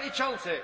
Przewodniczący!